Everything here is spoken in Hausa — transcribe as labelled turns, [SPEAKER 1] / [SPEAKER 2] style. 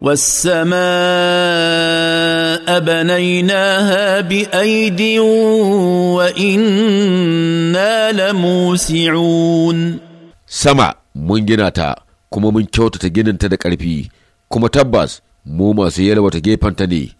[SPEAKER 1] والسماء بنيناها بأيد
[SPEAKER 2] وإنا لموسعون سما mun gina ta kuma mun kyautata ginin ta da ƙarfi kuma
[SPEAKER 3] tabbas mu masu yalwata gefenta ne